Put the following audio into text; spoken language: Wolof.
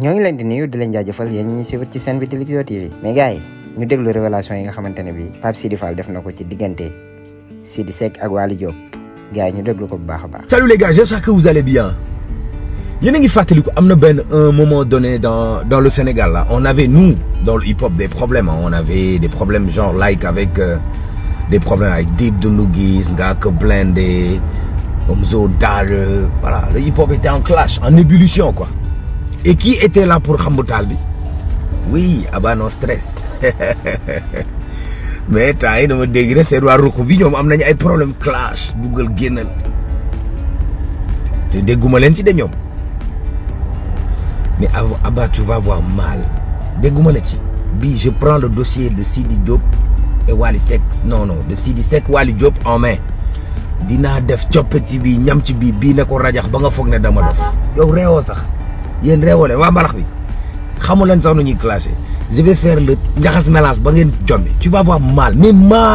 ñoo ngi leen di nuyu di leen jaajëfal yéen ñi suivre ci seen bi di Likzo TV mais gars yi ñu déglu révélation yi nga xamante ne bi Pape Sidi Fall def na ko ci diggante Sidi Seck ak Waly Diop gars ñu deglu ko bu baax a baax salut les gars j'espère que vous allez bien yéen a ngi fàttaliku am na benn un moment donné dans dans le Sénégal là on avait nous dans le hip hop des problèmes hein. on avait des problèmes genre like avec euh, des problèmes avec Dip Doundou Guiss Ngaaka Blindé Omzo Dollar euh, voilà le hip hop était en clash en ébullition quoi Et qui était là pour Khambutalbi Oui, Abano Stress. mais temps yi dama dégg ne seen waa ruq bi ñoom am nañu ay problème clash buggal génnal te dégguma leen ci de ñoom mais Abba tu vas avoir mal la ci bii je prends le dossier de Sidi Diop et Wali Seck non non de Sidi Seck Wali Diop en main dinaa def coppe ci bii ñam ci bii bii ne ko rajax ba nga foog ne dama dof yow reewoo sax yéen réewoo leen waa mbalax bi xamu leen sax nu ñuy classé je vais faire le njaxas mélange ba ngeen jombi tu vas voir mal mais mal.